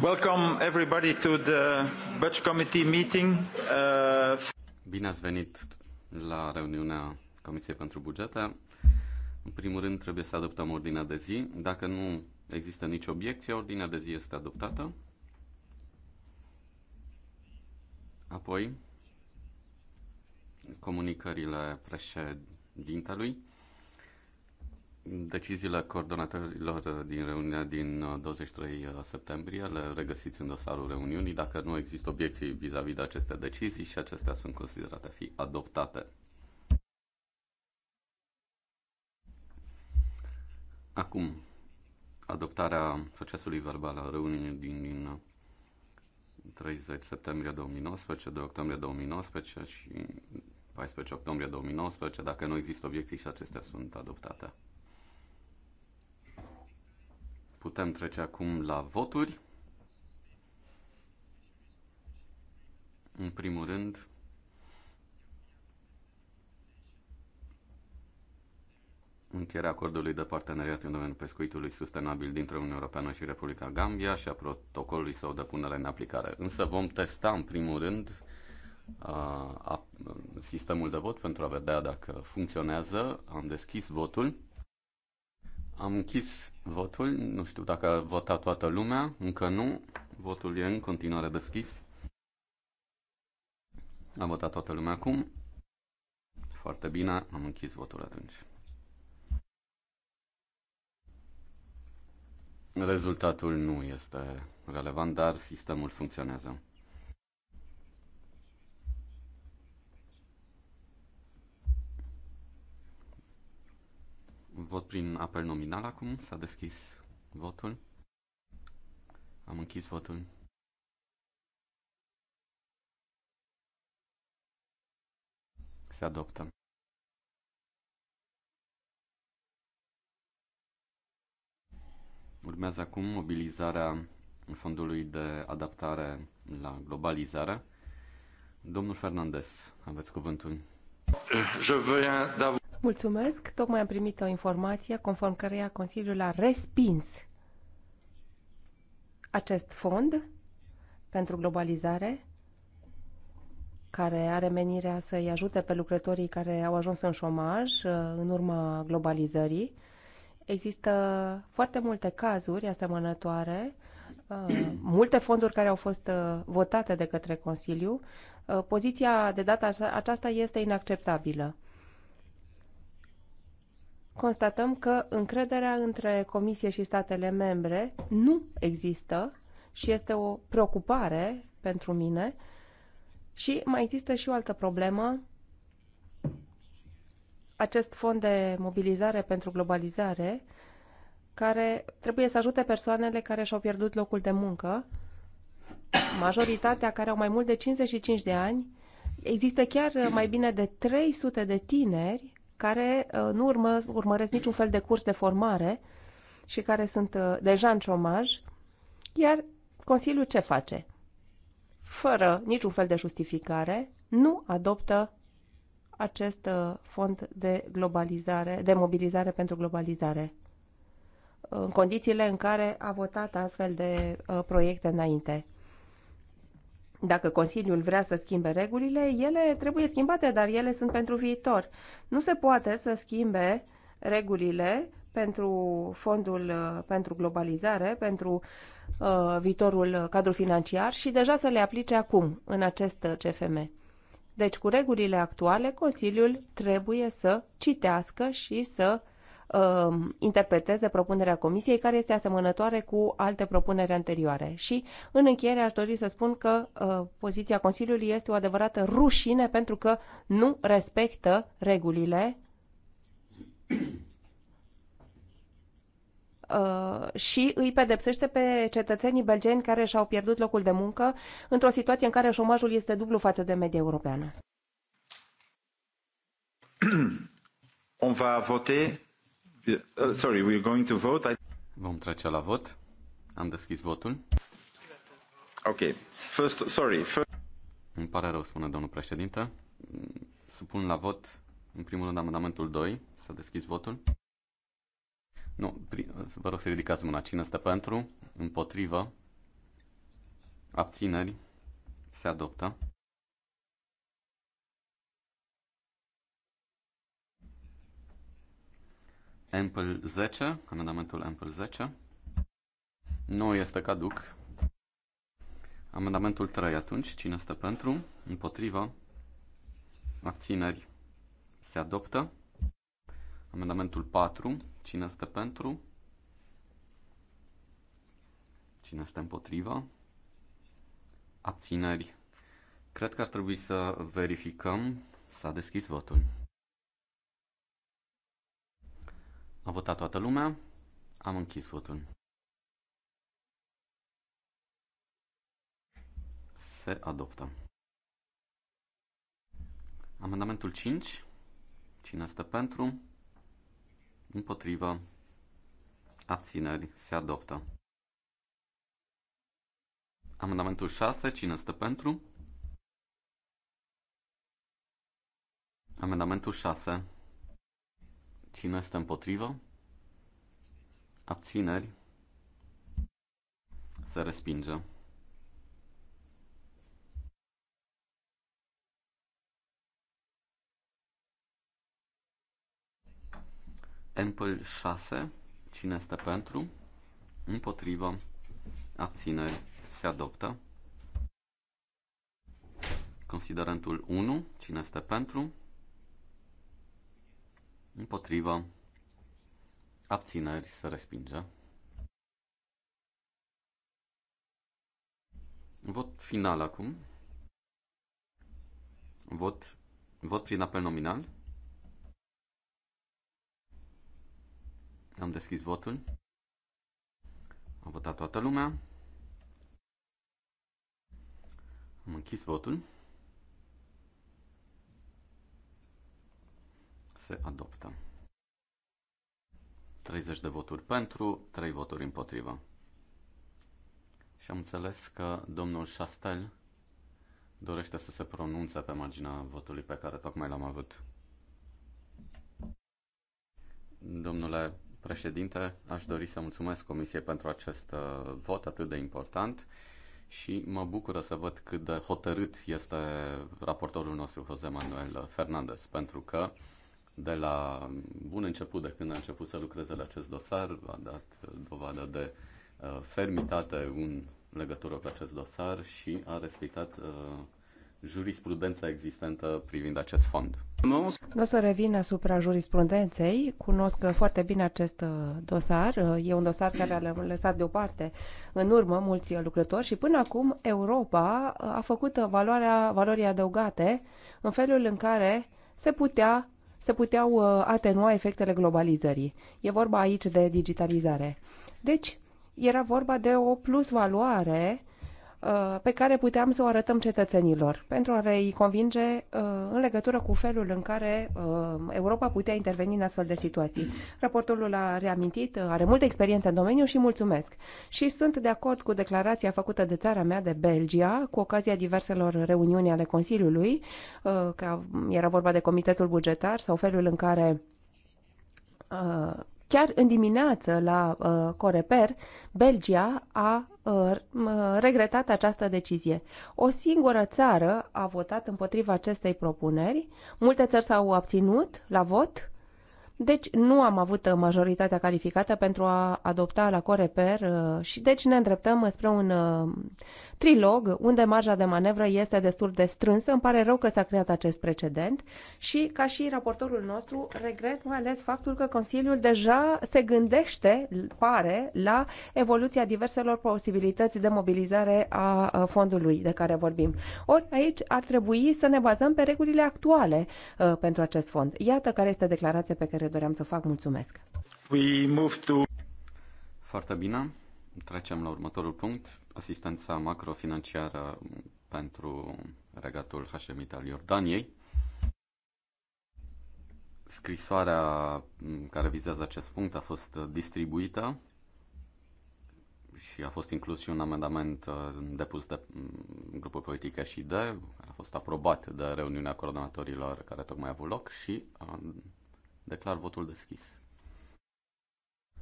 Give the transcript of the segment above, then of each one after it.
Welcome everybody to the Budget Committee meeting. Uh... Bine ați venit la reuniunea Comisiei pentru Bugete. În primul rând trebuie să adoptăm ordinea de zi. Dacă nu există nicio obiecție, ordinea de zi este adoptată. Apoi, comunicările președintelui. Deciziile coordonatorilor din reuniunea din 23 uh, uh, septembrie le regăsiți în dosarul reuniunii dacă nu există obiecții vis-a-vis de aceste decizii și acestea sunt considerate a fi adoptate. Acum, adoptarea procesului verbal al reuniunii din, din 30 uh, septembrie 2019, 2 octombrie 2019 și 14 octombrie 2019, dacă nu există obiecții și acestea sunt adoptate. Putem trece acum la voturi. În primul rând, încheierea acordului de parteneriat în domeniul pescuitului sustenabil dintre Uniunea Europeană și Republica Gambia și a protocolului său de punere în aplicare. Însă vom testa în primul rând a, a, sistemul de vot pentru a vedea dacă funcționează. Am deschis votul. Am închis votul. Nu știu dacă a votat toată lumea, încă nu. Votul e în continuare deschis. A votat toată lumea acum. Foarte bine, am închis votul atunci. Rezultatul nu este relevant, dar sistemul funcționează. Vot prin apel nominal acum. S-a deschis votul. Am închis votul. Se adoptă. Urmează acum mobilizarea Fondului de Adaptare la Globalizare. Domnul Fernandez, aveți cuvântul. Je viens Mulțumesc. Tocmai am primit o informație conform căreia Consiliul a respins acest fond pentru globalizare care are menirea să-i ajute pe lucrătorii care au ajuns în șomaj uh, în urma globalizării. Există foarte multe cazuri asemănătoare, uh, multe fonduri care au fost uh, votate de către Consiliu. Poziția de data aceasta este inacceptabilă constatăm că încrederea între Comisie și statele membre nu există și este o preocupare pentru mine. Și mai există și o altă problemă. Acest fond de mobilizare pentru globalizare care trebuie să ajute persoanele care și-au pierdut locul de muncă, majoritatea care au mai mult de 55 de ani, există chiar mai bine de 300 de tineri care uh, nu urmă, urmăresc niciun fel de curs de formare și care sunt uh, deja în șomaj, iar Consiliul ce face? Fără niciun fel de justificare, nu adoptă acest uh, fond de globalizare, de mobilizare pentru globalizare, în condițiile în care a votat astfel de proiecte înainte. Dacă Consiliul vrea să schimbe regulile, ele trebuie schimbate, dar ele sunt pentru viitor. Nu se poate să schimbe regulile pentru fondul pentru globalizare, pentru uh, viitorul cadru financiar și deja să le aplice acum, în acest CFM. Deci, cu regulile actuale, Consiliul trebuie să citească și să uh, Um, interpreteze propunerea Comisiei, care este asemănătoare cu alte propuneri anterioare. Și, în încheiere, aș dori să spun că uh, poziția Consiliului este o adevărată rușine pentru că nu respectă regulile uh, și îi pedepsește pe cetățenii belgeni care și-au pierdut locul de muncă într-o situație în care șomajul este dublu față de media europeană. On va voter Uh, sorry, we're going to vote. I... Vom trece la vot. Am deschis votul. Ok. First, sorry. First... Îmi pare rău, spune domnul președinte. Supun la vot, în primul rând, amendamentul 2. Să deschis votul. Nu, vă rog să ridicați mâna. Cine este pentru? Împotrivă? Abțineri? Se adoptă. Ample 10, amendamentul Ample 10. Nu este caduc. Amendamentul 3 atunci, cine este pentru? Împotriva? Abțineri? Se adoptă. Amendamentul 4, cine este pentru? Cine este împotriva? Abțineri? Cred că ar trebui să verificăm. S-a deschis votul. A votat toată lumea. Am închis votul. Se adoptă. Amendamentul 5. Cine este pentru? Împotrivă. Abțineri. Se adoptă. Amendamentul 6. Cine este pentru? Amendamentul 6. Cine este împotrivă? Abțineri. Se respinge. Ample 6. Cine este pentru? Împotrivă. Abțineri. Se adoptă. Considerentul 1. Cine este pentru? împotrivă, abțineri se respinge. Vot final acum. Vot, vot prin apel nominal. Am deschis votul. A votat toată lumea. Am închis votul. se adoptă. 30 de voturi pentru, 3 voturi împotrivă. Și am înțeles că domnul Chastel dorește să se pronunțe pe marginea votului pe care tocmai l-am avut. Domnule președinte, aș dori să mulțumesc Comisiei pentru acest uh, vot atât de important și mă bucură să văd cât de hotărât este raportorul nostru Jose Manuel Fernandez, pentru că de la bun început, de când a început să lucreze la acest dosar, a dat dovadă de uh, fermitate în legătură cu acest dosar și a respectat uh, jurisprudența existentă privind acest fond. Nu o să revin asupra jurisprudenței. Cunosc foarte bine acest uh, dosar. E un dosar care a lăsat deoparte în urmă mulți lucrători și până acum Europa a făcut valoarea, valorii adăugate în felul în care se putea se puteau uh, atenua efectele globalizării. E vorba aici de digitalizare. Deci, era vorba de o plusvaloare Uh, pe care puteam să o arătăm cetățenilor pentru a le convinge uh, în legătură cu felul în care uh, Europa putea interveni în astfel de situații. Raportorul a reamintit, are multă experiență în domeniu și mulțumesc. Și sunt de acord cu declarația făcută de țara mea de Belgia cu ocazia diverselor reuniuni ale Consiliului, că era vorba de Comitetul Bugetar sau felul în care Chiar în dimineață la uh, Coreper, Belgia a uh, regretat această decizie. O singură țară a votat împotriva acestei propuneri, multe țări s-au abținut la vot, deci nu am avut majoritatea calificată pentru a adopta la Coreper uh, și deci ne îndreptăm spre un uh, trilog, unde marja de manevră este destul de strânsă. Îmi pare rău că s-a creat acest precedent și, ca și raportorul nostru, regret mai ales faptul că Consiliul deja se gândește, pare, la evoluția diverselor posibilități de mobilizare a fondului de care vorbim. Ori aici ar trebui să ne bazăm pe regulile actuale uh, pentru acest fond. Iată care este declarația pe care doream să o fac. Mulțumesc! We move to... Foarte bine. Trecem la următorul punct asistența macrofinanciară pentru regatul Hașemit al Iordaniei. Scrisoarea care vizează acest punct a fost distribuită și a fost inclus și un amendament uh, depus de mm, grupul politic și de, care a fost aprobat de reuniunea coordonatorilor care tocmai a avut loc și uh, declar votul deschis.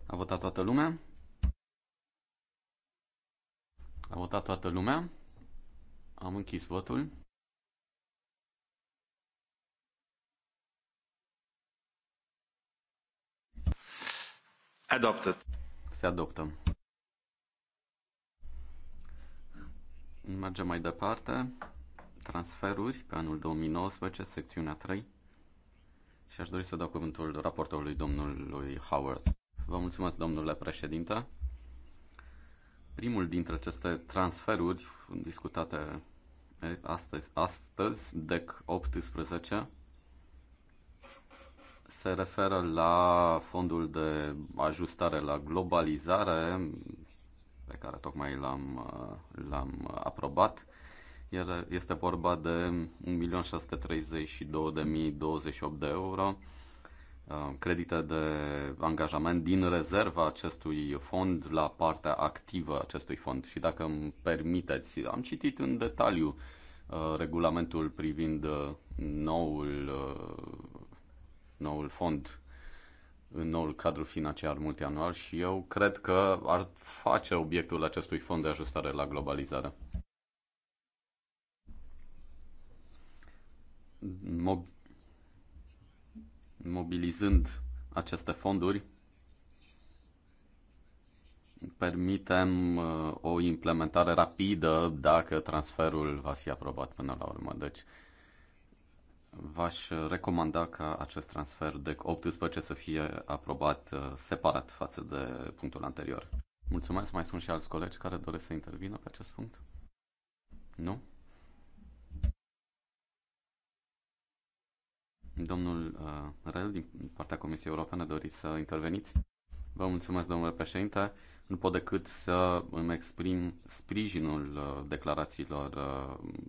A votat toată lumea? A votat toată lumea. Am închis votul. Adopted. Se adoptă. Mergem mai departe. Transferuri pe anul 2019, secțiunea 3. Și aș dori să dau cuvântul raportorului domnului Howard. Vă mulțumesc, domnule președinte. Primul dintre aceste transferuri discutate astăzi, astăzi DEC 18, se referă la fondul de ajustare la globalizare pe care tocmai l-am, l-am aprobat. este vorba de 1.632.028 de euro Uh, credite de angajament din rezerva acestui fond la partea activă acestui fond. Și dacă îmi permiteți, am citit în detaliu uh, regulamentul privind uh, noul, noul fond în noul cadru financiar multianual și eu cred că ar face obiectul acestui fond de ajustare la globalizare mobilizând aceste fonduri, permitem uh, o implementare rapidă dacă transferul va fi aprobat până la urmă. Deci, v-aș recomanda ca acest transfer de 18 să fie aprobat uh, separat față de punctul anterior. Mulțumesc, mai sunt și alți colegi care doresc să intervină pe acest punct. Rel, din partea Comisiei Europene, doriți să interveniți? Vă mulțumesc, domnule președinte. Nu pot decât să îmi exprim sprijinul uh, declarațiilor uh,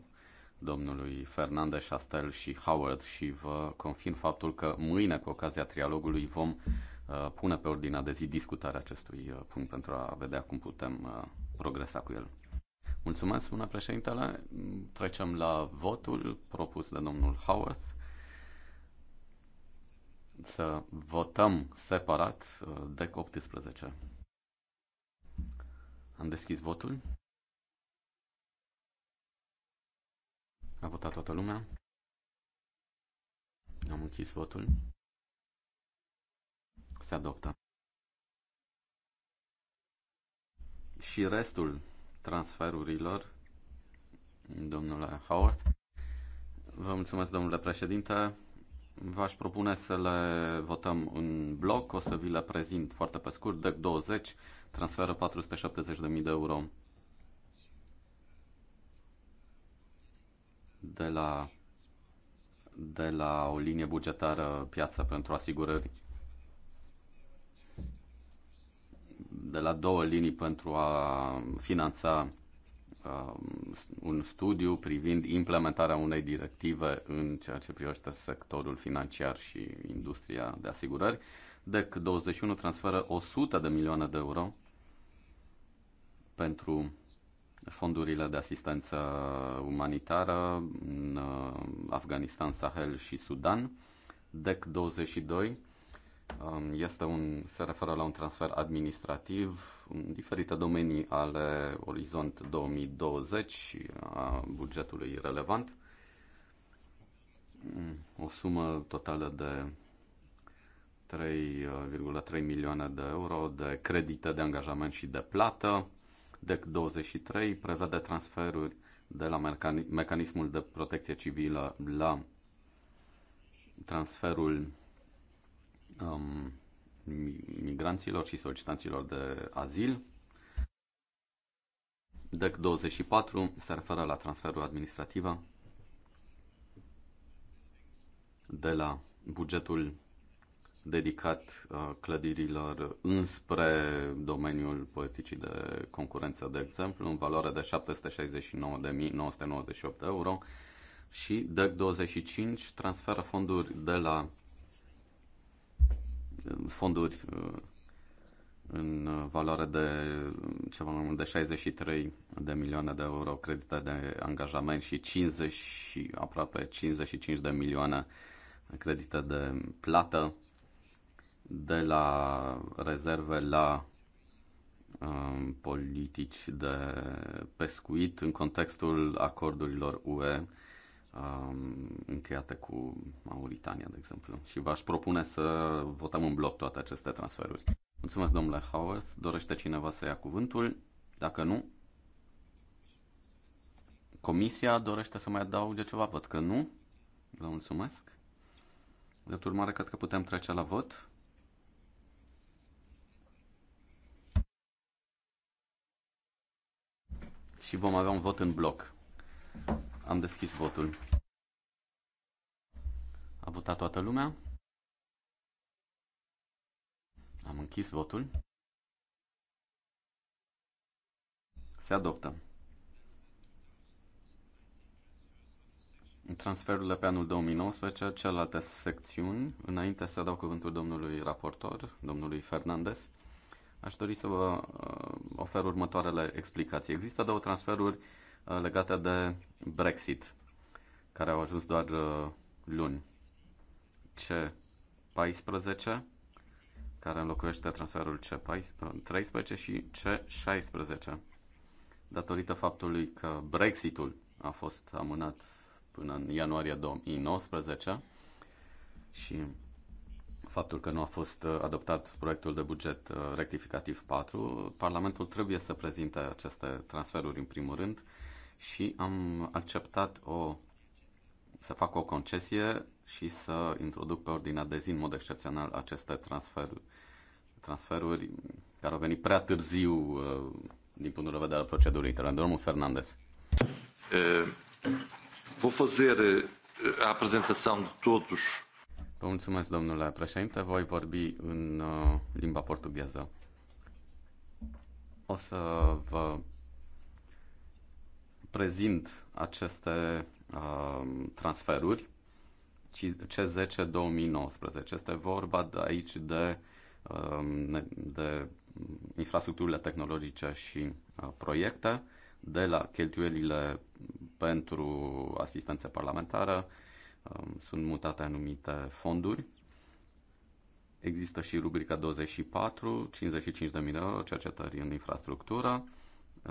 domnului Fernandez, Chastel și Howard și vă confirm faptul că mâine, cu ocazia trialogului, vom uh, pune pe ordinea de zi discutarea acestui punct pentru a vedea cum putem progresa cu el. Mulțumesc, spune președintele. Trecem la votul propus de domnul Howard să votăm separat uh, DEC 18. Am deschis votul. A votat toată lumea. Am închis votul. Se adoptă. Și restul transferurilor, domnule Howard. Vă mulțumesc, domnule președinte. V-aș propune să le votăm în bloc, o să vi le prezint foarte pe scurt. DEC 20 transferă 470.000 de euro de la, de la o linie bugetară piață pentru asigurări de la două linii pentru a finanța Um, un studiu privind implementarea unei directive în ceea ce privește sectorul financiar și industria de asigurări. DEC 21 transferă 100 de milioane de euro pentru fondurile de asistență umanitară în uh, Afganistan, Sahel și Sudan. DEC 22 Um, este un, se referă la un transfer administrativ în diferite domenii ale Orizont 2020 și a bugetului relevant. Mm, o sumă totală de 3,3 uh, milioane de euro de credite de angajament și de plată. DEC 23 prevede transferuri de la mecanismul de protecție civilă la transferul um, migranților și solicitanților de azil. DEC 24 se referă la transferul administrativ de la bugetul dedicat uh, clădirilor înspre domeniul politicii de concurență, de exemplu, în valoare de 769.998 euro și DEC 25 transferă fonduri de la fonduri uh, în valoare de um, ceva mai mult de 63 de milioane de euro credite de angajament și 50 și aproape 55 de milioane credite de plată de la rezerve la um, politici de pescuit în contextul acordurilor UE um, încheiate cu Mauritania, de exemplu. Și v-aș propune să votăm în bloc toate aceste transferuri. Mulțumesc, domnule Howard. Dorește cineva să ia cuvântul? Dacă nu, Comisia dorește să mai adauge ceva? Văd că nu. Vă mulțumesc. De urmare, cred că putem trece la vot. Și vom avea un vot în bloc. Am deschis votul. A votat toată lumea? Am închis votul. Se adoptă. Transferurile pe anul 2019, celelalte secțiuni. Înainte să dau cuvântul domnului raportor, domnului Fernandez, aș dori să vă uh, ofer următoarele explicații. Există două transferuri uh, legate de Brexit, care au ajuns doar uh, luni. C14, care înlocuiește transferul C13 și C16. Datorită faptului că Brexitul a fost amânat până în ianuarie 2019 și faptul că nu a fost uh, adoptat proiectul de buget uh, rectificativ 4, Parlamentul trebuie să prezinte aceste transferuri în primul rând și am acceptat o, să fac o concesie și să introduc pe ordinea de zi în mod excepțional aceste transferuri, transferuri care au venit prea târziu uh, din punctul de vedere al procedurii interne. Domnul Fernandez. Uh, vă fazer uh, a apresentação de todos. Vă mulțumesc, domnule președinte. Voi vorbi în limba portugheză. O să vă prezint aceste uh, transferuri C10-2019. Este vorba de aici de, um, de infrastructurile tehnologice și uh, proiecte, de la cheltuielile pentru asistență parlamentară, um, sunt mutate anumite fonduri. Există și rubrica 24, 55.000 de euro, cercetări în infrastructură,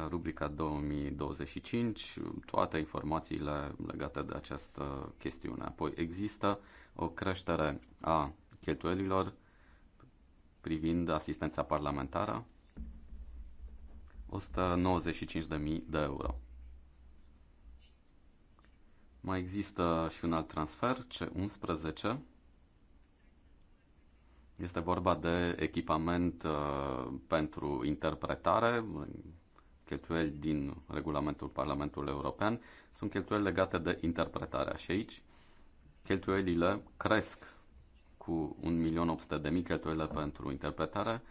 rubrica 2025, toate informațiile legate de această chestiune. Apoi există o creștere a cheltuielilor privind asistența parlamentară, 195.000 de euro. Mai există și un alt transfer, C11. Este vorba de echipament uh, pentru interpretare, cheltuieli din regulamentul Parlamentului European sunt cheltuieli legate de interpretarea și aici cheltuielile cresc cu 1.800.000 cheltuielile pentru interpretare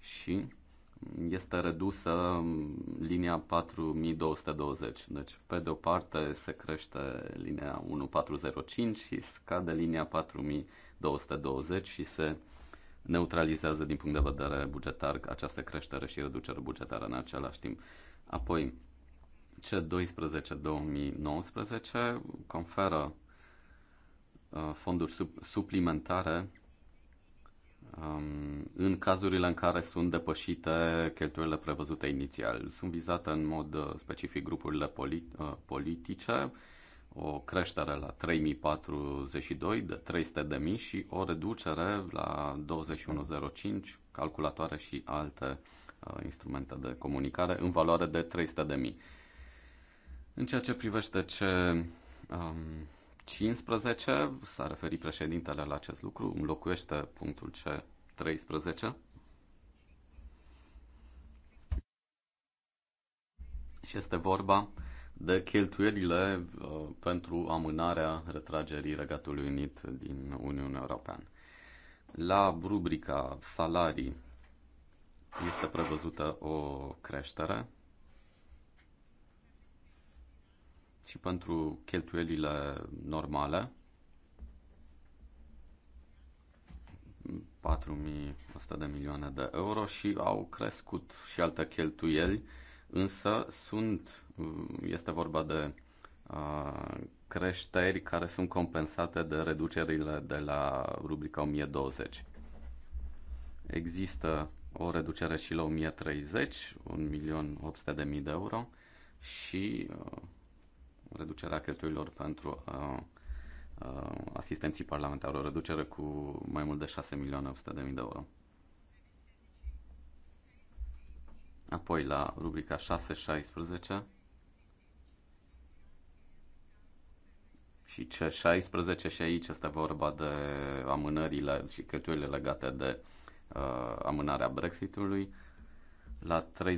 și este redusă linia 4220. Deci, pe de o parte se crește linia 1405 și scade linia 4220 și se neutralizează din punct de vedere bugetar această creștere și reducere bugetară în același timp. Apoi, C12-2019 conferă uh, fonduri sub, suplimentare um, în cazurile în care sunt depășite cheltuielile prevăzute inițial. Sunt vizate în mod uh, specific grupurile polit, uh, politice o creștere la 3042 de 300 de mii și o reducere la 2105, calculatoare și alte uh, instrumente de comunicare în valoare de 300 de mii. În ceea ce privește ce um, 15, s-a referit președintele la acest lucru, înlocuiește punctul C 13 și este vorba de cheltuielile uh, pentru amânarea retragerii Regatului Unit din Uniunea Europeană. La rubrica salarii este prevăzută o creștere și pentru cheltuielile normale 4100 de milioane de euro și au crescut și alte cheltuieli însă sunt, este vorba de uh, creșteri care sunt compensate de reducerile de la rubrica 1020. Există o reducere și la 1030, 1.800.000 de euro și uh, reducerea cheltuielor pentru uh, uh, asistenții parlamentari, o reducere cu mai mult de 6.800.000 de euro. Apoi la rubrica 6.16 și ce 16 și aici este vorba de amânările și cheltuielile legate de uh, amânarea Brexitului. La 32.41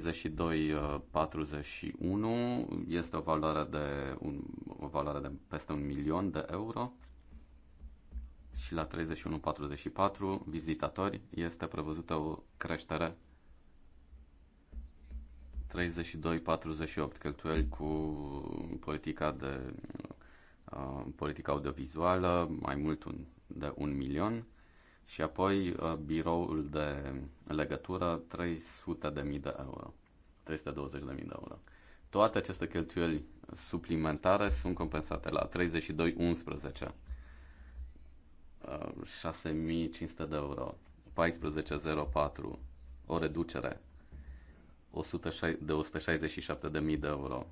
este o valoare de un, o valoare de peste un milion de euro și la 31.44 vizitatori este prevăzută o creștere 32-48 cheltuieli cu politica de uh, politica audiovizuală, mai mult un, de un milion și apoi uh, biroul de legătură 300.000 de euro. 320.000 de euro. Toate aceste cheltuieli suplimentare sunt compensate la 32.11, 6.500 uh, de euro, 14.04, o reducere de 167.000 de euro.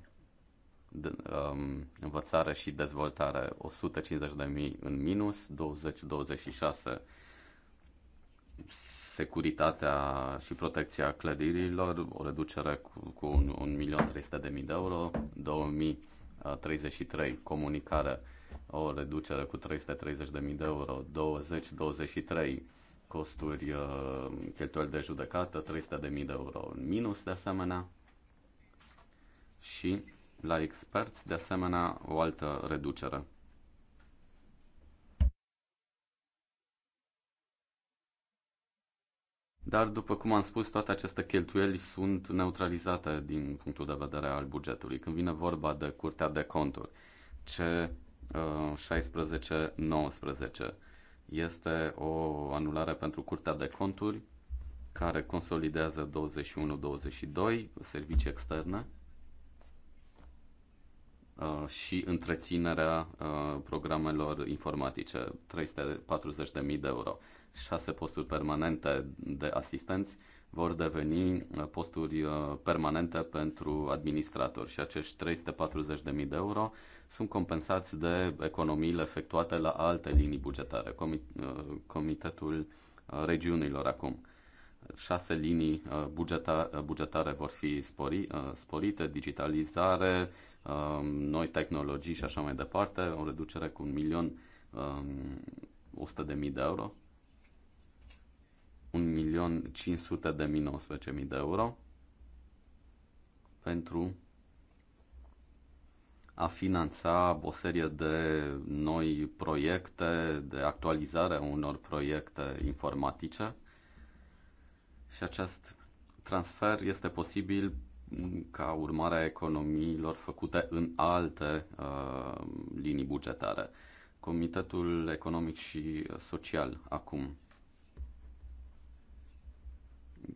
De, um, învățare și dezvoltare 150.000 în minus, 20-26 securitatea și protecția clădirilor, o reducere cu, cu 1.300.000 de euro, 2033 comunicare, o reducere cu 330.000 de euro, 20-23 costuri, uh, cheltuieli de judecată, 300.000 de euro în minus de asemenea și la experți de asemenea o altă reducere. Dar, după cum am spus, toate aceste cheltuieli sunt neutralizate din punctul de vedere al bugetului. Când vine vorba de curtea de conturi, C16-19, este o anulare pentru Curtea de Conturi, care consolidează 21-22 servicii externe uh, și întreținerea uh, programelor informatice, 340.000 de euro, 6 posturi permanente de asistenți, vor deveni uh, posturi uh, permanente pentru administratori și acești 340.000 de euro sunt compensați de economiile efectuate la alte linii bugetare, uh, Comitetul Regiunilor acum. Șase linii bugetare vor fi spori, sporite, digitalizare, um, noi tehnologii și așa mai departe, o reducere cu un milion 100.000 um, de euro 1.500.019.000 de euro pentru a finanța o serie de noi proiecte, de actualizare a unor proiecte informatice și acest transfer este posibil ca urmare a economiilor făcute în alte uh, linii bugetare. Comitetul Economic și Social acum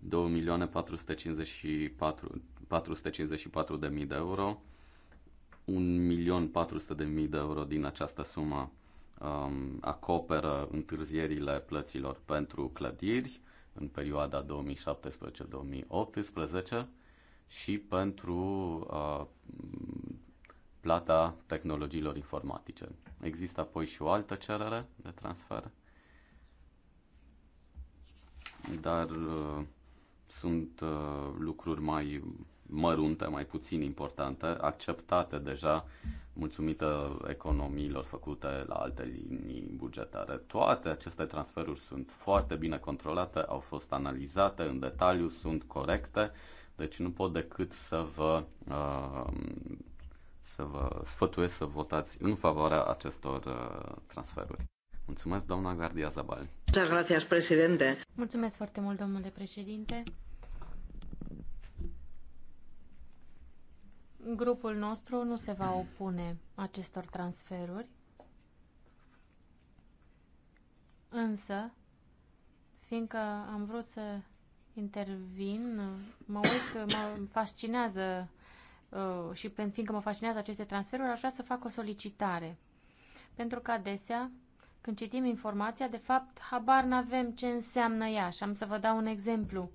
2 milioane 454 454 de mii de euro, 1.400.000 milion 400 de mii de euro din această sumă um, acoperă întârzierile plăților pentru clădiri în perioada 2017-2018 și pentru uh, plata tehnologiilor informatice. Există apoi și o altă cerere de transfer, dar uh, sunt uh, lucruri mai mărunte, mai puțin importante, acceptate deja mulțumită economiilor făcute la alte linii bugetare. Toate aceste transferuri sunt foarte bine controlate, au fost analizate în detaliu, sunt corecte, deci nu pot decât să vă, uh, să vă sfătuiesc să votați în favoarea acestor uh, transferuri. Mulțumesc, doamna Gardia Zabal. Mulțumesc foarte mult, domnule președinte. Grupul nostru nu se va opune acestor transferuri, însă, fiindcă am vrut să intervin, mă uit, mă fascinează uh, și fiindcă mă fascinează aceste transferuri, aș vrea să fac o solicitare. Pentru că adesea când citim informația, de fapt, habar n-avem ce înseamnă ea și am să vă dau un exemplu.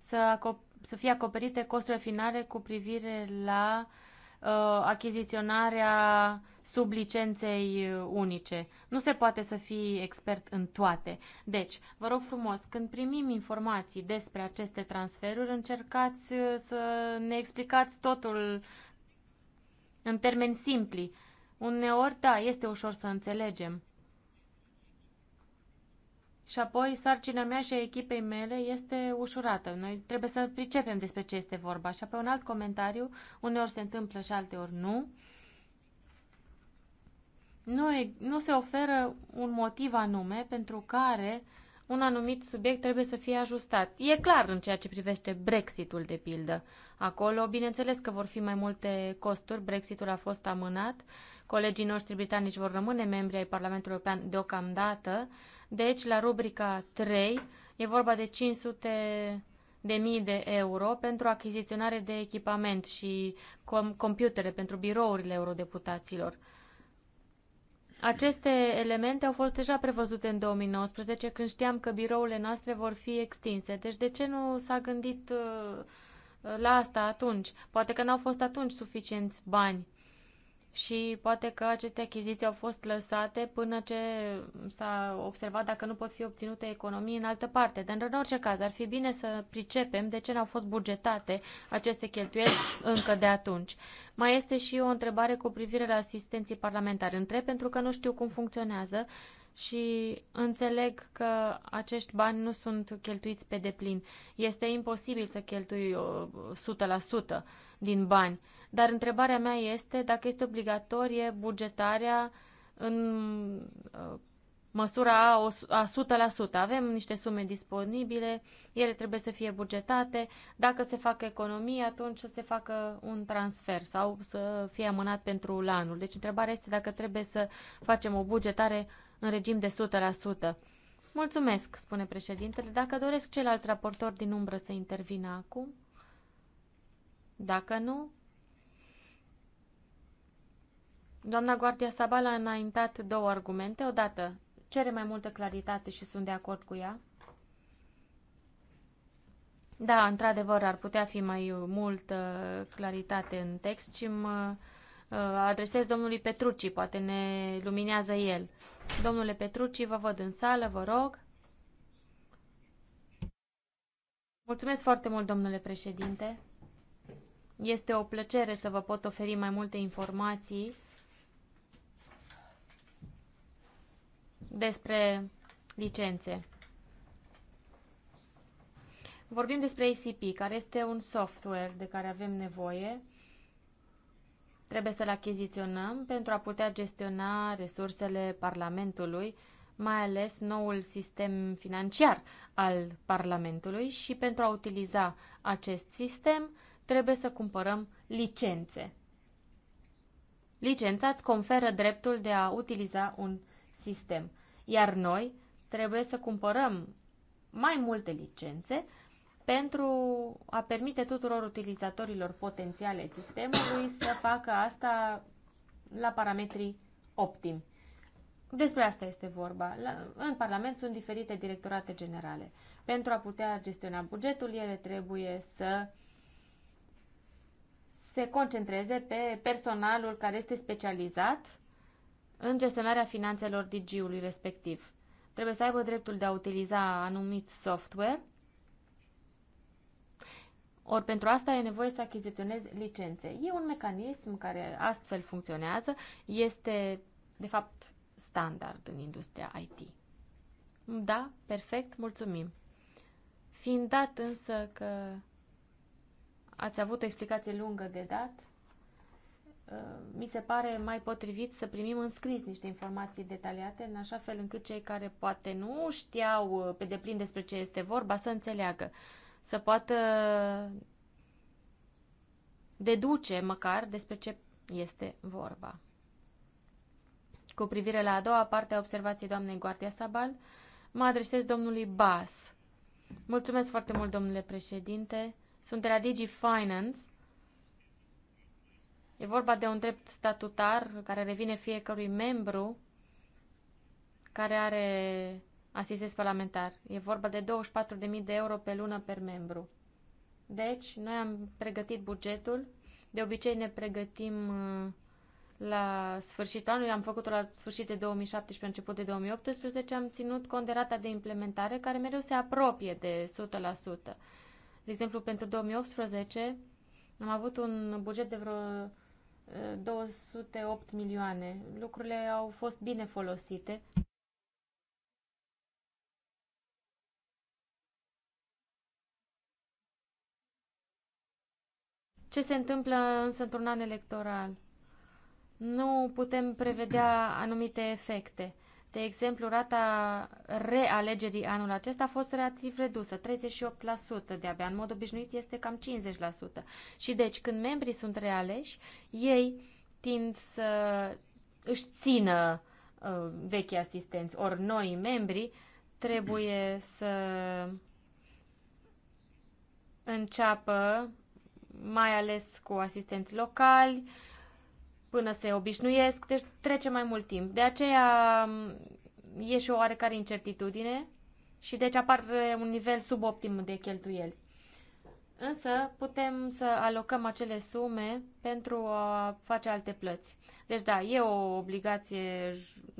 Să, să fie acoperite costurile finale cu privire la uh, achiziționarea sub licenței unice. Nu se poate să fii expert în toate. Deci, vă rog frumos, când primim informații despre aceste transferuri, încercați uh, să ne explicați totul în termeni simpli. Uneori, da, este ușor să înțelegem. Și apoi sarcina mea și a echipei mele este ușurată. Noi trebuie să pricepem despre ce este vorba. Și apoi un alt comentariu, uneori se întâmplă și alteori nu. Nu, e, nu se oferă un motiv anume pentru care un anumit subiect trebuie să fie ajustat. E clar în ceea ce privește Brexitul, de pildă. Acolo, bineînțeles că vor fi mai multe costuri. Brexitul a fost amânat. Colegii noștri britanici vor rămâne membri ai Parlamentului European deocamdată, deci, la rubrica 3, e vorba de 500 de mii de euro pentru achiziționare de echipament și com- computere pentru birourile eurodeputaților. Aceste elemente au fost deja prevăzute în 2019, când știam că birourile noastre vor fi extinse. Deci de ce nu s-a gândit uh, la asta atunci? Poate că n-au fost atunci suficienți bani și poate că aceste achiziții au fost lăsate până ce s-a observat dacă nu pot fi obținute economii în altă parte. Dar în orice caz, ar fi bine să pricepem de ce n-au fost bugetate aceste cheltuieli încă de atunci. Mai este și o întrebare cu privire la asistenții parlamentari. Întreb pentru că nu știu cum funcționează și înțeleg că acești bani nu sunt cheltuiți pe deplin. Este imposibil să cheltui 100% uh, din bani dar întrebarea mea este dacă este obligatorie bugetarea în uh, măsura a 100%. Avem niște sume disponibile, ele trebuie să fie bugetate. Dacă se fac economii, atunci să se facă un transfer sau să fie amânat pentru anul. Deci întrebarea este dacă trebuie să facem o bugetare în regim de 100%. Mulțumesc, spune președintele. Dacă doresc ceilalți raportori din umbră să intervină acum? Dacă nu, Doamna Guardia Sabal a înaintat două argumente. Odată, cere mai multă claritate și sunt de acord cu ea. Da, într-adevăr, ar putea fi mai uh, multă claritate în text și mă uh, adresez domnului Petrucci, poate ne luminează el. Domnule Petrucci, vă văd în sală, vă rog. Mulțumesc foarte mult, domnule președinte. Este o plăcere să vă pot oferi mai multe informații despre licențe. Vorbim despre ACP, care este un software de care avem nevoie. Trebuie să-l achiziționăm pentru a putea gestiona resursele Parlamentului, mai ales noul sistem financiar al Parlamentului și pentru a utiliza acest sistem trebuie să cumpărăm licențe. Licența îți conferă dreptul de a utiliza un sistem iar noi trebuie să cumpărăm mai multe licențe pentru a permite tuturor utilizatorilor potențiale sistemului să facă asta la parametrii optimi. Despre asta este vorba. La, în Parlament sunt diferite directorate generale. Pentru a putea gestiona bugetul, ele trebuie să se concentreze pe personalul care este specializat în gestionarea finanțelor DG-ului respectiv. Trebuie să aibă dreptul de a utiliza anumit software, ori pentru asta e nevoie să achiziționezi licențe. E un mecanism care astfel funcționează, este de fapt standard în industria IT. Da, perfect, mulțumim. Fiind dat însă că ați avut o explicație lungă de dat, Uh, mi se pare mai potrivit să primim în scris niște informații detaliate, în așa fel încât cei care poate nu știau uh, pe deplin despre ce este vorba să înțeleagă, să poată deduce măcar despre ce este vorba. Cu privire la a doua parte a observației doamnei Guardia Sabal, mă adresez domnului Bas. Mulțumesc foarte mult, domnule președinte. Sunt de la Digi Finance E vorba de un drept statutar care revine fiecărui membru care are asistență parlamentar. E vorba de 24.000 de euro pe lună per membru. Deci, noi am pregătit bugetul. De obicei ne pregătim uh, la sfârșitul anului, am făcut-o la sfârșit de 2017, început de 2018, am ținut cont de rata de implementare care mereu se apropie de 100%. De exemplu, pentru 2018 am avut un buget de vreo 208 milioane. Lucrurile au fost bine folosite. Ce se întâmplă însă într-un an electoral? Nu putem prevedea anumite efecte. De exemplu, rata realegerii anul acesta a fost relativ redusă, 38% de-abia. În mod obișnuit este cam 50%. Și deci, când membrii sunt realeși, ei tind să își țină uh, vechi asistenți, ori noi membri trebuie să înceapă mai ales cu asistenți locali, uh, până se obișnuiesc, deci trece mai mult timp. De aceea mm, e și o oarecare incertitudine și deci apar un nivel suboptim de cheltuieli. Însă putem să alocăm acele sume pentru a face alte plăți. Deci da, e o obligație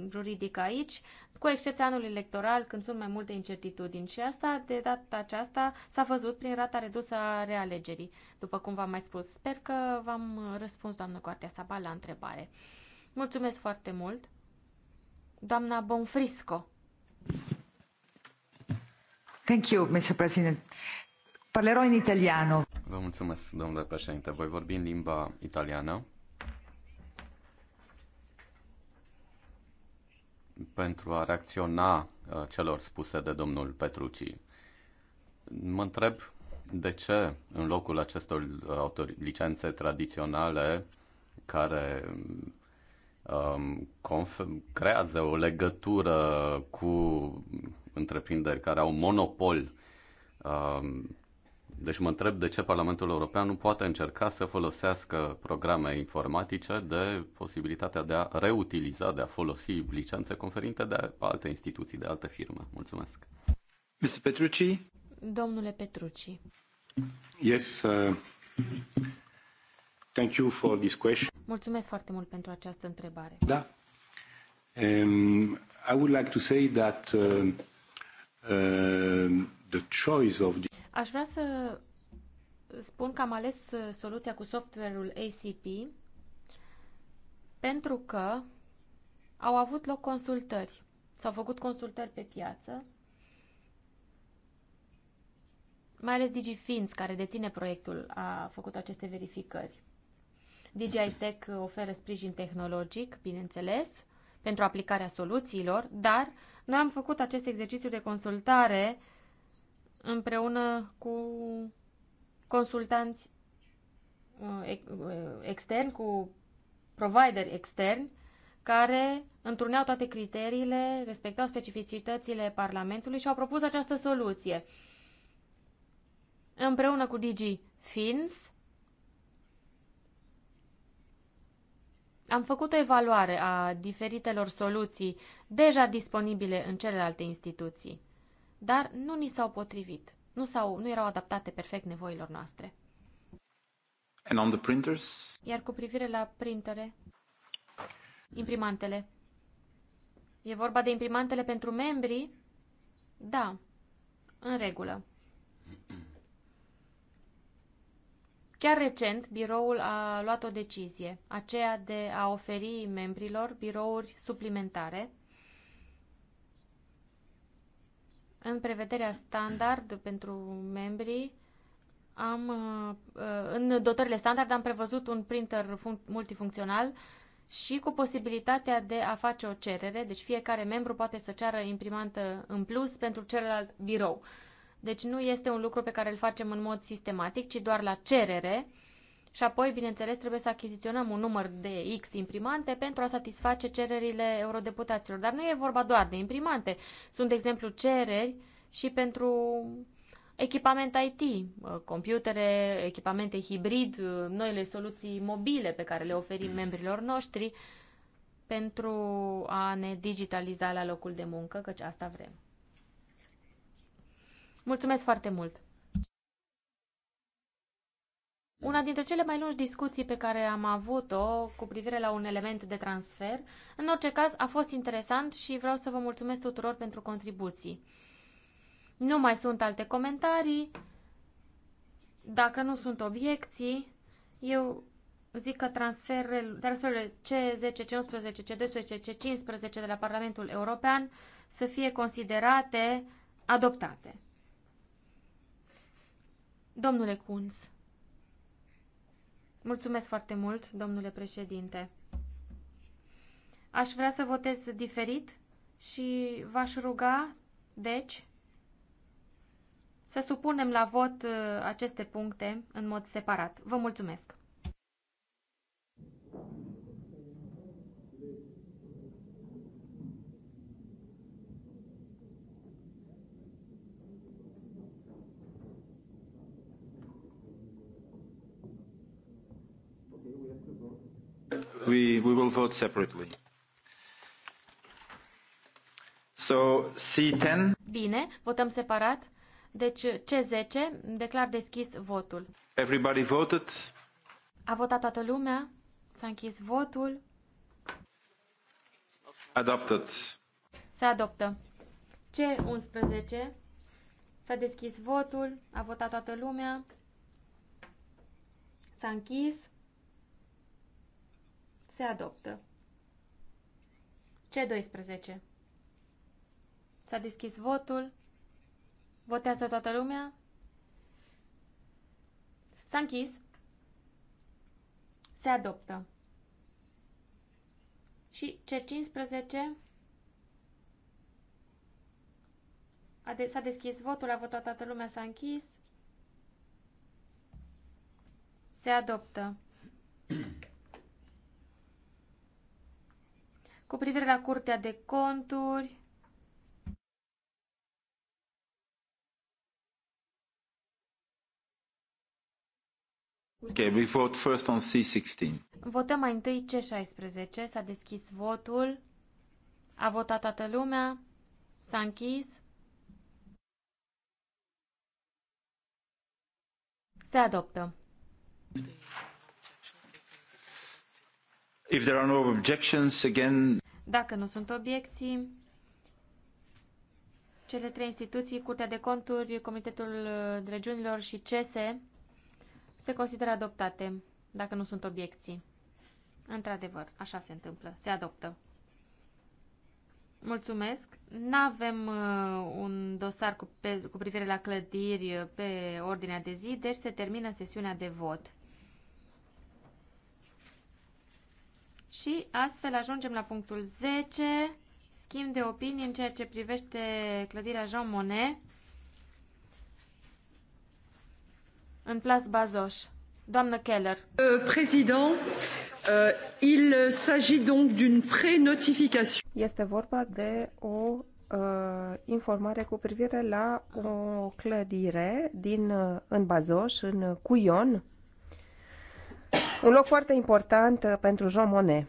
juridică aici, cu excepția anului electoral, când sunt mai multe incertitudini. Și asta, de data aceasta, s-a văzut prin rata redusă a realegerii, după cum v-am mai spus. Sper că v-am răspuns, doamnă Coartea Saba, la întrebare. Mulțumesc foarte mult! Doamna Bonfrisco. Thank you, Mr. President. Parlerò in italiano. Vă mulțumesc, domnule președinte. Voi vorbi în limba italiană. pentru a reacționa uh, celor spuse de domnul Petrucci. Mă întreb de ce în locul acestor uh, licențe tradiționale care um, creează o legătură cu întreprinderi care au monopol um, deci mă întreb de ce Parlamentul European nu poate încerca să folosească programe informatice de posibilitatea de a reutiliza, de a folosi licențe conferite de alte instituții, de alte firme. Mulțumesc. Mr. Petrucci? Domnule Petrucci. Yes, uh, thank you for this question. Mulțumesc foarte mult pentru această întrebare. Da. Um, I would like to say that uh, uh, the choice of the Aș vrea să spun că am ales uh, soluția cu software-ul ACP pentru că au avut loc consultări. S-au făcut consultări pe piață, mai ales DigiFins, care deține proiectul, a făcut aceste verificări. DJI Tech oferă sprijin tehnologic, bineînțeles, pentru aplicarea soluțiilor, dar noi am făcut acest exercițiu de consultare împreună cu consultanți uh, uh, externi, cu provideri externi, care întruneau toate criteriile, respectau specificitățile Parlamentului și au propus această soluție. Împreună cu DG Fins, am făcut o evaluare a diferitelor soluții deja disponibile în celelalte instituții dar nu ni s-au potrivit. Nu, s-au, nu erau adaptate perfect nevoilor noastre. And on the printers? Iar cu privire la printere, imprimantele. E vorba de imprimantele pentru membri? Da, în regulă. Chiar recent, biroul a luat o decizie, aceea de a oferi membrilor birouri suplimentare În prevederea standard pentru membrii, am, uh, în dotările standard am prevăzut un printer multifuncțional și cu posibilitatea de a face o cerere, deci fiecare membru poate să ceară imprimantă în plus pentru celălalt birou. Deci nu este un lucru pe care îl facem în mod sistematic, ci doar la cerere și apoi, bineînțeles, trebuie să achiziționăm un număr de X imprimante pentru a satisface cererile eurodeputaților. Dar nu e vorba doar de imprimante. Sunt, de exemplu, cereri și pentru echipament IT, computere, echipamente hibrid, noile soluții mobile pe care le oferim membrilor noștri pentru a ne digitaliza la locul de muncă, căci asta vrem. Mulțumesc foarte mult! Una dintre cele mai lungi discuții pe care am avut-o cu privire la un element de transfer, în orice caz a fost interesant și vreau să vă mulțumesc tuturor pentru contribuții. Nu mai sunt alte comentarii. Dacă nu sunt obiecții, eu zic că transferurile, C10, C11, C12, C15 de la Parlamentul European să fie considerate adoptate. Domnule Kunz. Mulțumesc foarte mult, domnule președinte. Aș vrea să votez diferit și v-aș ruga, deci, să supunem la vot uh, aceste puncte în mod separat. Vă mulțumesc! we, will vote separately. So, C10. Bine, votăm separat. Deci C10, declar deschis votul. Everybody voted. A votat toată lumea. S-a închis votul. Adopted. Se adoptă. C11. S-a deschis votul. A votat toată lumea. S-a închis. Se adoptă. C12. S-a deschis votul. Votează toată lumea. S-a închis. Se adoptă. Și C15 s-a deschis votul, a votat toată lumea, s-a închis. Se adoptă. cu privire la Curtea de Conturi, Okay, we vote first on C16. Votăm mai întâi C16. S-a deschis votul. A votat toată lumea. S-a închis. Se adoptă. If there are no objections, again... Dacă nu sunt obiecții, cele trei instituții, Curtea de Conturi, Comitetul Regiunilor și CESE, se consideră adoptate, dacă nu sunt obiecții. Într-adevăr, așa se întâmplă, se adoptă. Mulțumesc. Nu avem uh, un dosar cu, pe, cu privire la clădiri uh, pe ordinea de zi, deci se termină sesiunea de vot. Și astfel ajungem la punctul 10, schimb de opinie în ceea ce privește clădirea Jean Monnet în Place Bazoș. Doamnă Keller. Euh, président, euh, il s'agit donc d'une pré-notification. Este vorba de o uh, informare cu privire la o clădire din, uh, în Bazoș, în Cuion, un loc foarte important uh, pentru Jean Monnet.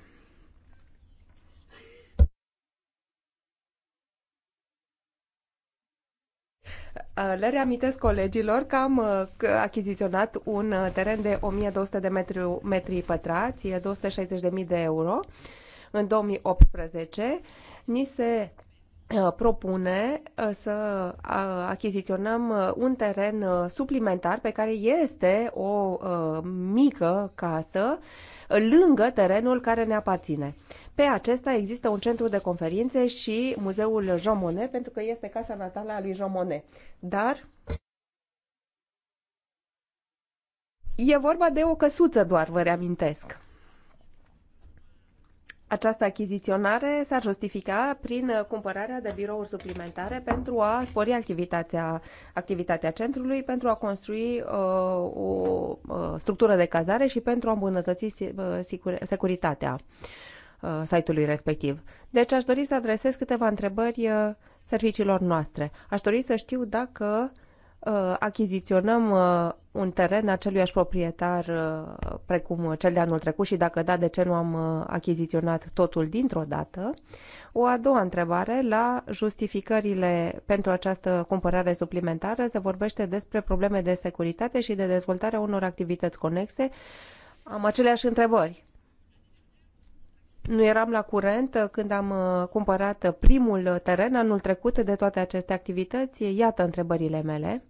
Uh, le reamintesc colegilor că am uh, achiziționat un teren de 1200 de metri, metri pătrați, 260.000 de euro în 2018. Ni se Uh, propune uh, să uh, achiziționăm un teren suplimentar pe care este o mică casă lângă terenul care ne aparține. Pe acesta există un centru de conferințe și muzeul Jean Monnet, pentru că este casa natală a lui Jean Monnet. Dar e vorba de o căsuță doar, vă reamintesc. Această achiziționare s-ar justifica prin cumpărarea de birouri suplimentare pentru a spori activitatea, activitatea centrului, pentru a construi uh, o uh, structură de cazare și pentru a îmbunătăți uh, securitatea uh, site-ului respectiv. Deci aș dori să adresez câteva întrebări uh, serviciilor noastre. Aș dori să știu dacă uh, achiziționăm uh, un teren aceluiași proprietar uh, precum cel de anul trecut și dacă da, de ce nu am uh, achiziționat totul dintr-o dată? O a doua întrebare, la justificările pentru această cumpărare suplimentară se vorbește despre probleme de securitate și de dezvoltarea unor activități conexe. Am aceleași întrebări. Nu eram la curent când am uh, cumpărat primul teren anul trecut de toate aceste activități. Iată întrebările mele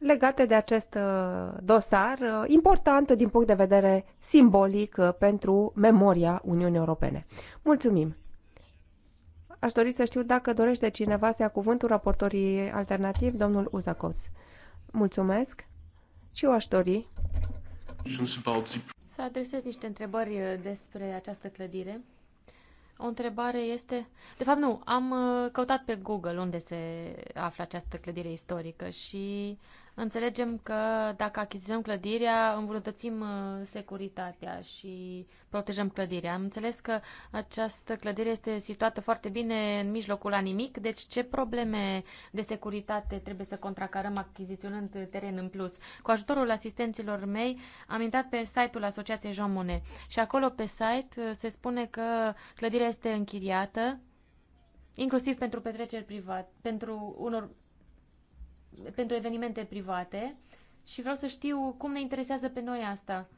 legate de acest uh, dosar uh, important din punct de vedere simbolic uh, pentru memoria Uniunii Europene. Mulțumim! Aș dori să știu dacă dorește cineva să ia cuvântul raportorii alternativ, domnul Uzakos. Mulțumesc și eu aș dori să adresez niște întrebări despre această clădire. O întrebare este... De fapt, nu, am căutat pe Google unde se află această clădire istorică și Înțelegem că dacă achiziționăm clădirea, îmbunătățim uh, securitatea și protejăm clădirea. Am înțeles că această clădire este situată foarte bine în mijlocul la nimic, deci ce probleme de securitate trebuie să contracarăm achiziționând teren în plus? Cu ajutorul asistenților mei am intrat pe site-ul Asociației Jomune și acolo pe site uh, se spune că clădirea este închiriată inclusiv pentru petreceri private, pentru unor pentru evenimente private și vreau să știu cum ne interesează pe noi asta.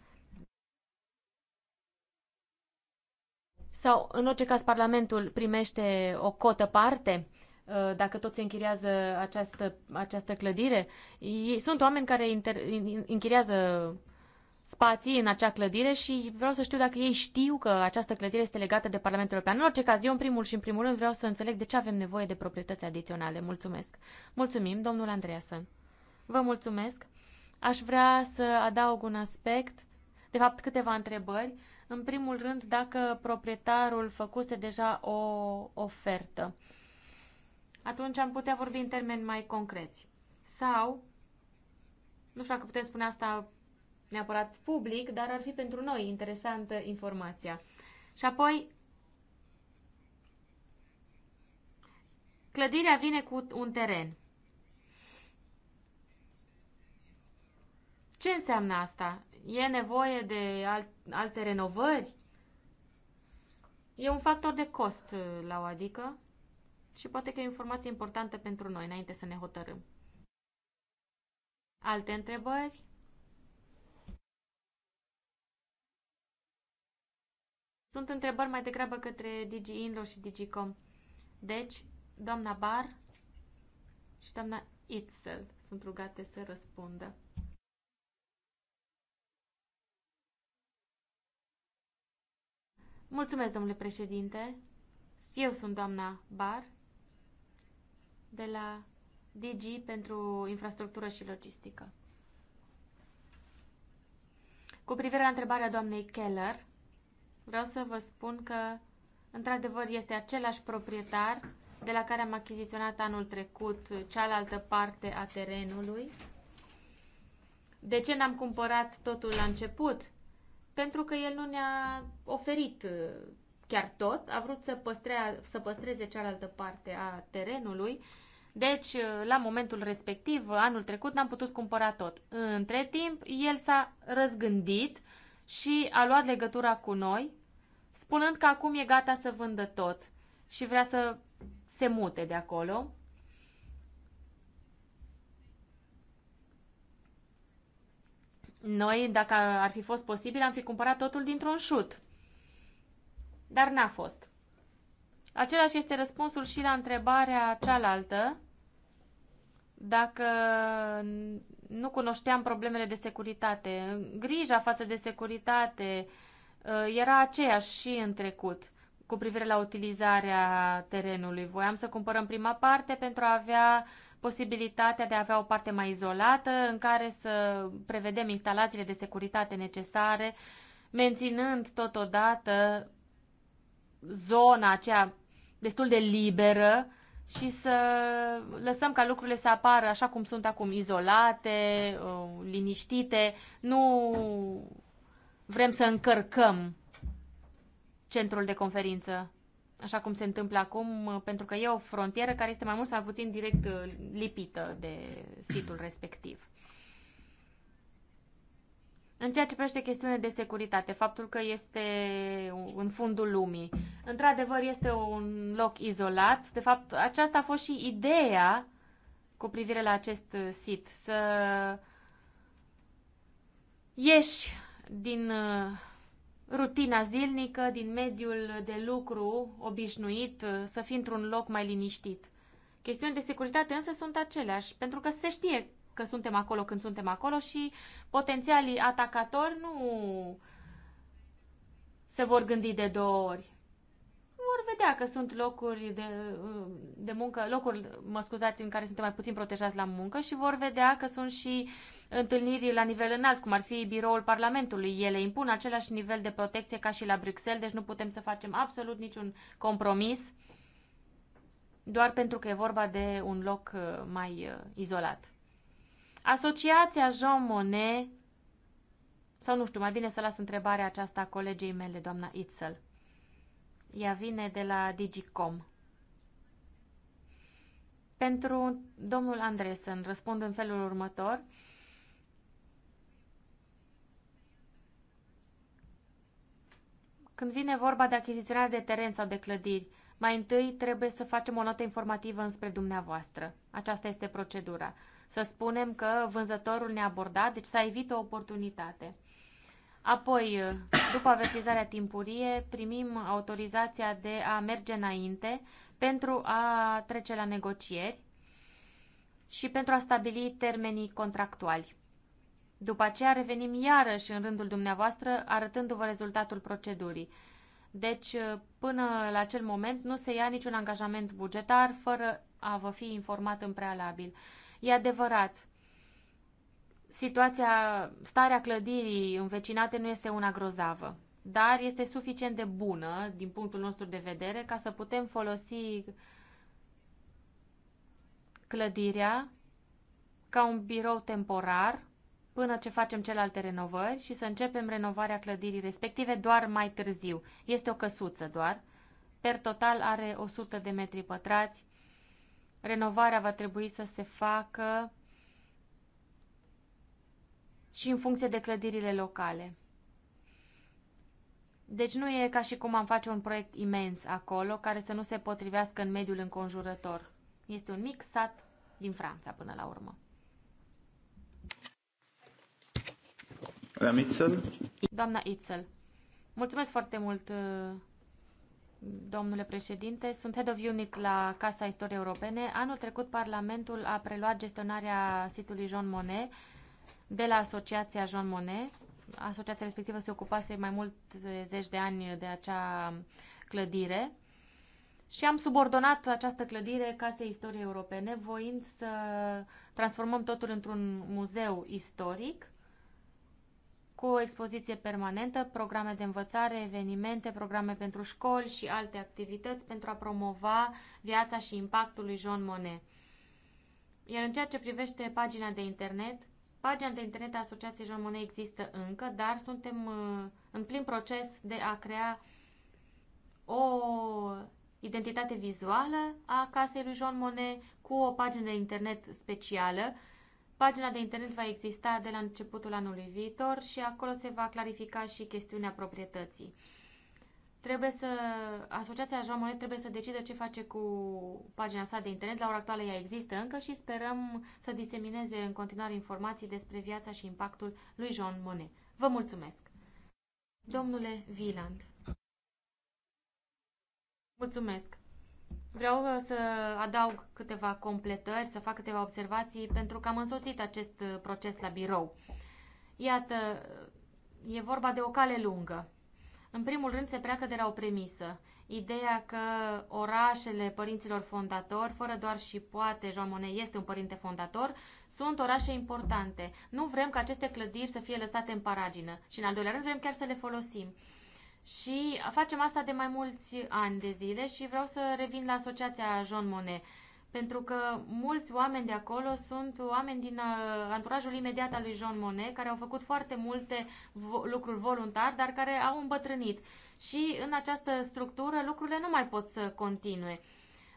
Sau, în orice caz, Parlamentul primește o cotă parte uh, dacă tot se închiriază această, această clădire. Sunt oameni care inter, închiriază spații în acea clădire și vreau să știu dacă ei știu că această clădire este legată de Parlamentul European. În orice caz, eu în primul și în primul rând vreau să înțeleg de ce avem nevoie de proprietăți adiționale. Mulțumesc. Mulțumim, domnul Andreasen. Vă mulțumesc. Aș vrea să adaug un aspect, de fapt câteva întrebări. În primul rând, dacă proprietarul făcuse deja o ofertă, atunci am putea vorbi în termeni mai concreți. Sau, nu știu dacă putem spune asta neapărat public, dar ar fi pentru noi interesantă informația. Și apoi, clădirea vine cu un teren. Ce înseamnă asta? E nevoie de alte renovări? E un factor de cost la o adică și poate că e informație importantă pentru noi înainte să ne hotărâm. Alte întrebări? Sunt întrebări mai degrabă către Digi Inlo și Digicom. Deci, doamna Bar și doamna Itzel sunt rugate să răspundă. Mulțumesc, domnule președinte. Eu sunt doamna Bar de la DG pentru infrastructură și logistică. Cu privire la întrebarea doamnei Keller, vreau să vă spun că, într-adevăr, este același proprietar de la care am achiziționat anul trecut cealaltă parte a terenului. De ce n-am cumpărat totul la început? Pentru că el nu ne-a oferit uh, chiar tot, a vrut să, păstrea, să păstreze cealaltă parte a terenului. Deci, uh, la momentul respectiv, anul trecut, n-am putut cumpăra tot. Între timp, el s-a răzgândit, uh, și a luat legătura cu noi, spunând că acum e gata să vândă tot și vrea să se mute de acolo. Noi, dacă ar fi fost posibil, am fi cumpărat totul dintr-un șut. Dar n-a fost. Același este răspunsul și la întrebarea cealaltă, dacă nu cunoșteam problemele de securitate. Grija față de securitate uh, era aceeași și în trecut cu privire la utilizarea terenului. Voiam să cumpărăm prima parte pentru a avea posibilitatea de a avea o parte mai izolată în care să prevedem instalațiile de securitate necesare, menținând totodată zona aceea destul de liberă și să lăsăm ca lucrurile să apară așa cum sunt acum, izolate, uh, liniștite. Nu vrem să încărcăm centrul de conferință, așa cum se întâmplă acum, uh, pentru că e o frontieră care este mai mult sau mai puțin direct uh, lipită de situl respectiv. În ceea ce privește chestiunea de securitate, faptul că este în fundul lumii, într-adevăr este un loc izolat. De fapt, aceasta a fost și ideea cu privire la acest sit, să ieși din uh, rutina zilnică, din mediul de lucru obișnuit, uh, să fii într-un loc mai liniștit. Chestiuni de securitate însă sunt aceleași, pentru că se știe că suntem acolo când suntem acolo și potențialii atacatori nu se vor gândi de două ori. Vor vedea că sunt locuri de, de muncă, locuri, mă scuzați, în care suntem mai puțin protejați la muncă și vor vedea că sunt și întâlniri la nivel înalt, cum ar fi biroul Parlamentului. Ele impun același nivel de protecție ca și la Bruxelles, deci nu putem să facem absolut niciun compromis doar pentru că e vorba de un loc uh, mai uh, izolat. Asociația Jean Monnet, sau nu știu, mai bine să las întrebarea aceasta a colegei mele, doamna Itzel. Ea vine de la Digicom. Pentru domnul Andresen, răspund în felul următor. Când vine vorba de achiziționarea de teren sau de clădiri, mai întâi trebuie să facem o notă informativă înspre dumneavoastră. Aceasta este procedura să spunem că vânzătorul ne-a abordat, deci s-a evit o oportunitate. Apoi, după avertizarea timpurie, primim autorizația de a merge înainte pentru a trece la negocieri și pentru a stabili termenii contractuali. După aceea revenim iarăși în rândul dumneavoastră, arătându-vă rezultatul procedurii. Deci, până la acel moment, nu se ia niciun angajament bugetar fără a vă fi informat în prealabil. E adevărat, situația, starea clădirii învecinate nu este una grozavă, dar este suficient de bună din punctul nostru de vedere ca să putem folosi clădirea ca un birou temporar până ce facem celelalte renovări și să începem renovarea clădirii respective doar mai târziu. Este o căsuță doar. Per total are 100 de metri pătrați Renovarea va trebui să se facă și în funcție de clădirile locale. Deci nu e ca și cum am face un proiect imens acolo, care să nu se potrivească în mediul înconjurător. Este un mic sat din Franța, până la urmă. Doamna Itzel. Mulțumesc foarte mult, uh, domnule președinte. Sunt Head of Unit la Casa Istoriei Europene. Anul trecut Parlamentul a preluat gestionarea sitului Jean Monnet de la Asociația Jean Monnet. Asociația respectivă se ocupase mai mult de zeci de ani de acea clădire și am subordonat această clădire Casei Istoriei Europene, voind să transformăm totul într-un muzeu istoric cu o expoziție permanentă, programe de învățare, evenimente, programe pentru școli și alte activități pentru a promova viața și impactul lui Jean Monnet. Iar în ceea ce privește pagina de internet, pagina de internet a Asociației Jean Monnet există încă, dar suntem uh, în plin proces de a crea o identitate vizuală a casei lui Jean Monnet cu o pagină de internet specială Pagina de internet va exista de la începutul anului viitor și acolo se va clarifica și chestiunea proprietății. Trebuie să, Asociația Joan trebuie să decidă ce face cu pagina sa de internet. La ora actuală ea există încă și sperăm să disemineze în continuare informații despre viața și impactul lui Jean Monet. Vă mulțumesc! Domnule Viland Mulțumesc! Vreau uh, să adaug câteva completări, să fac câteva observații, pentru că am însoțit acest uh, proces la birou. Iată, e vorba de o cale lungă. În primul rând se pleacă de la o premisă, ideea că orașele părinților fondatori, fără doar și poate, Jean Monnet este un părinte fondator, sunt orașe importante. Nu vrem ca aceste clădiri să fie lăsate în paragină și, în al doilea rând, vrem chiar să le folosim și facem asta de mai mulți ani de zile și vreau să revin la Asociația Jean Monnet, pentru că mulți oameni de acolo sunt oameni din uh, anturajul imediat al lui Jean Monnet, care au făcut foarte multe lucruri voluntar, dar care au îmbătrânit. Și în această structură lucrurile nu mai pot să continue.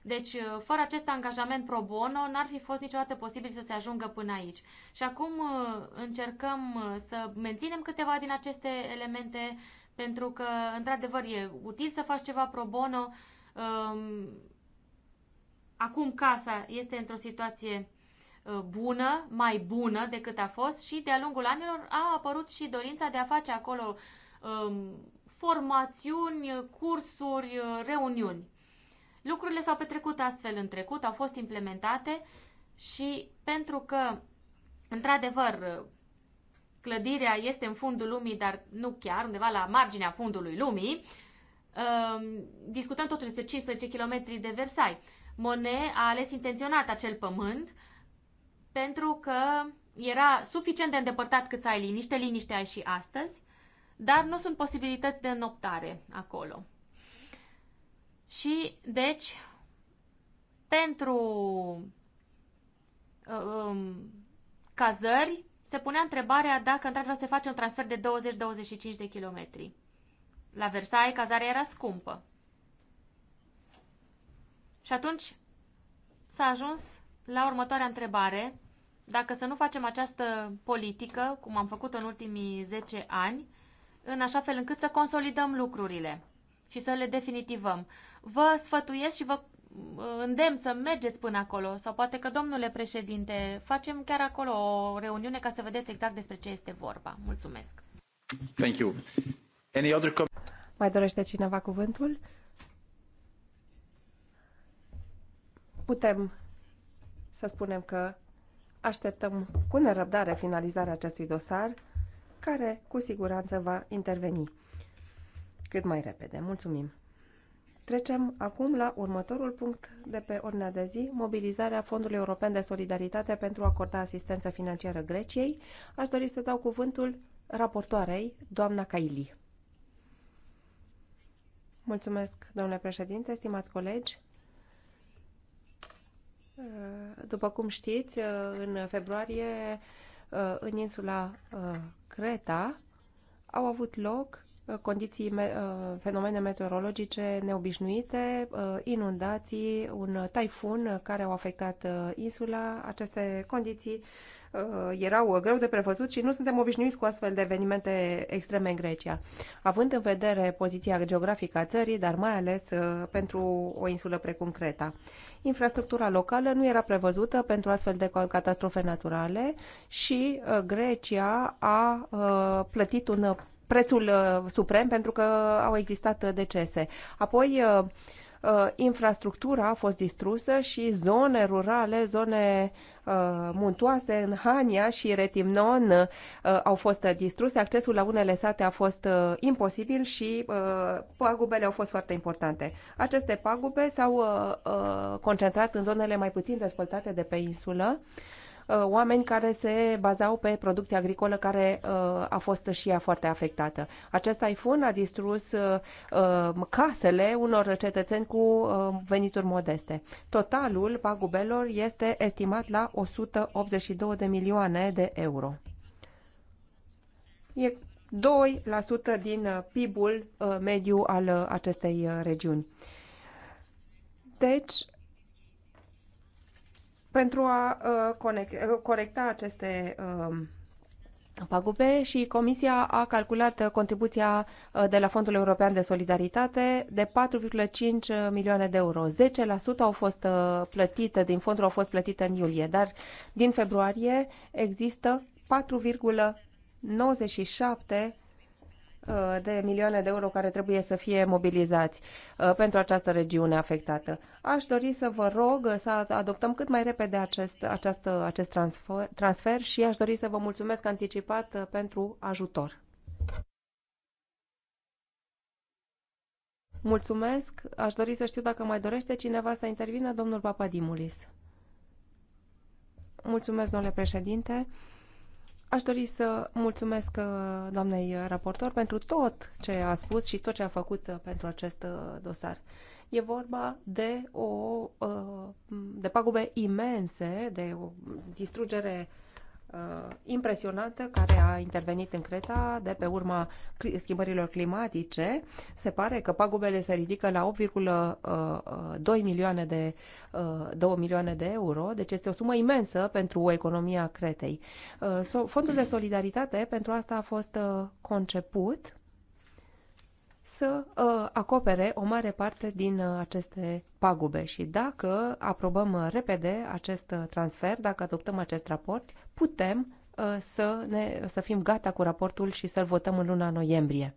Deci, uh, fără acest angajament pro bono, n-ar fi fost niciodată posibil să se ajungă până aici. Și acum uh, încercăm să menținem câteva din aceste elemente pentru că, într-adevăr, e util să faci ceva pro bono. Um, acum casa este într-o situație uh, bună, mai bună decât a fost și de-a lungul anilor a apărut și dorința de a face acolo um, formațiuni, cursuri, uh, reuniuni. Lucrurile s-au petrecut astfel în trecut, au fost implementate și pentru că, într-adevăr, clădirea este în fundul lumii, dar nu chiar, undeva la marginea fundului lumii, ehm, discutăm totuși despre 15 km de Versailles. Monet a ales intenționat acel pământ pentru că era suficient de îndepărtat cât să ai liniște, liniște ai și astăzi, dar nu sunt posibilități de noptare acolo. Și, deci, pentru um, cazări se punea întrebarea dacă într-adevăr se face un transfer de 20-25 de kilometri. La Versailles cazarea era scumpă. Și atunci s-a ajuns la următoarea întrebare. Dacă să nu facem această politică, cum am făcut în ultimii 10 ani, în așa fel încât să consolidăm lucrurile și să le definitivăm. Vă sfătuiesc și vă îndemn să mergeți până acolo sau poate că, domnule președinte, facem chiar acolo o reuniune ca să vedeți exact despre ce este vorba. Mulțumesc! Thank you. Any other Mai dorește cineva cuvântul? Putem să spunem că așteptăm cu nerăbdare finalizarea acestui dosar, care cu siguranță va interveni cât mai repede. Mulțumim! Trecem acum la următorul punct de pe ordinea de zi, mobilizarea Fondului European de Solidaritate pentru a acorda asistență financiară Greciei. Aș dori să dau cuvântul raportoarei, doamna Caili. Mulțumesc, domnule președinte, stimați colegi. După cum știți, în februarie, în insula uh, Creta, au avut loc condiții, uh, fenomene meteorologice neobișnuite, uh, inundații, un taifun care au afectat uh, insula. Aceste condiții erau greu de prevăzut și nu suntem obișnuiți cu astfel de evenimente extreme în Grecia. Având în vedere poziția geografică a țării, dar mai ales pentru o insulă precum Creta. Infrastructura locală nu era prevăzută pentru astfel de catastrofe naturale și Grecia a plătit un prețul uh, suprem pentru că au existat uh, decese. Apoi uh, infrastructura a fost distrusă și zone rurale, zone muntoase în Hania și Retimnon au fost distruse, accesul la unele sate a fost imposibil și pagubele au fost foarte importante. Aceste pagube s-au concentrat în zonele mai puțin dezvoltate de pe insulă, Uh, oameni care se bazau pe producția agricolă care uh, a fost și ea foarte afectată. Acest iPhone a distrus uh, casele unor cetățeni cu venituri modeste. Totalul pagubelor este estimat la 182 de milioane de euro. E 2% din PIB-ul mediu al acestei regiuni. Deci, pentru a uh, conect, uh, corecta aceste um, pagube și Comisia a calculat uh, contribuția de la Fondul European de Solidaritate de 4,5 milioane de euro. 10% au fost plătite din fondul au fost plătite în iulie, dar din februarie există 4,97 Uh, de milioane de euro care trebuie să fie mobilizați uh, pentru această regiune afectată. Aș dori să vă rog să adoptăm cât mai repede acest, această, acest transfer, transfer și aș dori să vă mulțumesc anticipat uh, pentru ajutor. Mulțumesc. Aș dori să știu dacă mai dorește cineva să intervină, domnul Papadimulis. Mulțumesc, domnule președinte. Aș dori să mulțumesc uh, doamnei raportor pentru tot ce a spus și tot ce a făcut uh, pentru acest uh, dosar. E vorba de o de pagube imense, de o distrugere Uh, impresionantă care a intervenit în Creta de pe urma schimbărilor climatice. Se pare că pagubele se ridică la 8,2 uh, uh, milioane de, 2 milioane de euro, deci este o sumă imensă pentru economia Cretei. Fondul de solidaritate pentru asta a fost conceput să uh, acopere o mare parte din uh, aceste pagube și dacă aprobăm uh, repede acest transfer, dacă adoptăm acest raport, putem să, ne, să fim gata cu raportul și să-l votăm în luna noiembrie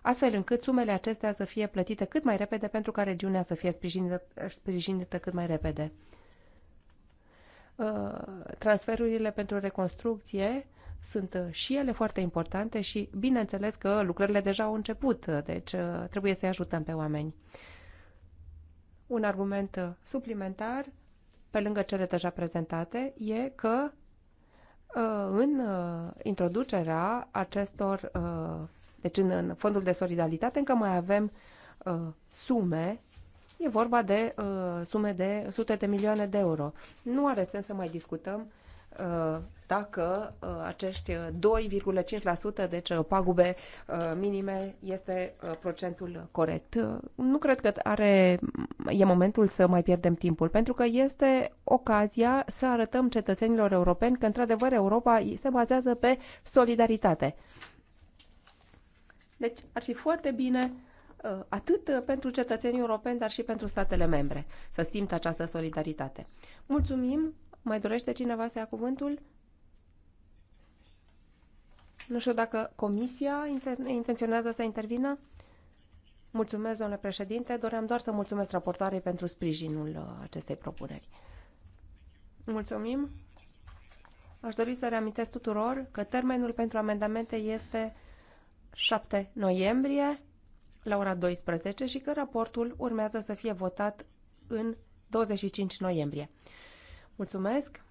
astfel încât sumele acestea să fie plătite cât mai repede pentru ca regiunea să fie sprijinită, sprijinită cât mai repede. Transferurile pentru reconstrucție sunt uh, și ele foarte importante și bineînțeles că lucrările deja au început, uh, deci uh, trebuie să-i ajutăm pe oameni. Un argument suplimentar, pe lângă cele deja prezentate, e că în introducerea acestor, deci în fondul de solidaritate, încă mai avem sume E vorba de sume de sute de milioane de euro. Nu are sens să mai discutăm dacă uh, acești 2,5%, uh, deci uh, pagube minime, este procentul corect. Nu cred că are, e momentul să mai pierdem timpul, pentru că este ocazia să arătăm cetățenilor europeni că, într-adevăr, Europa se bazează pe solidaritate. Deci ar fi foarte bine atât pentru cetățenii europeni, dar și pentru statele membre, să simtă această solidaritate. Mulțumim! Mai dorește cineva să ia cuvântul? Nu știu dacă comisia intenționează să intervină. Mulțumesc, domnule președinte. Doream doar să mulțumesc raportoarei pentru sprijinul uh, acestei propuneri. Mulțumim. Aș dori să reamintesc tuturor că termenul pentru amendamente este 7 noiembrie la ora 12 și că raportul urmează să fie votat în 25 noiembrie. Mulțumesc!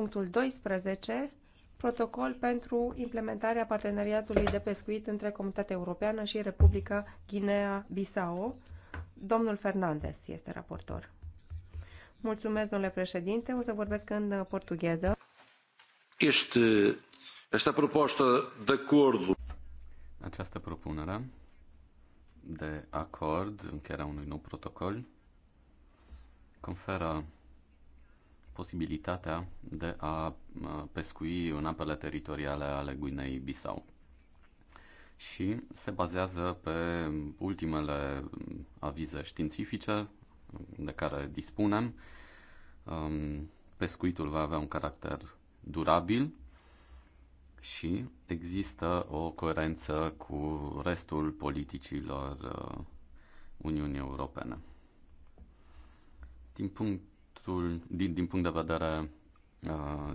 punctul 12, protocol pentru implementarea parteneriatului de pescuit între Comunitatea Europeană și Republica Guinea-Bissau. Domnul Fernandez este raportor. Mulțumesc, domnule președinte. O să vorbesc în portugheză. Este, esta proposta de acord. Această propunere de acord, încheierea unui nou protocol, conferă posibilitatea de a pescui în apele teritoriale ale Guinei Bissau. Și se bazează pe ultimele avize științifice de care dispunem. Um, pescuitul va avea un caracter durabil și există o coerență cu restul politicilor uh, Uniunii Europene. Din punct punctul, din, din punct de vedere uh,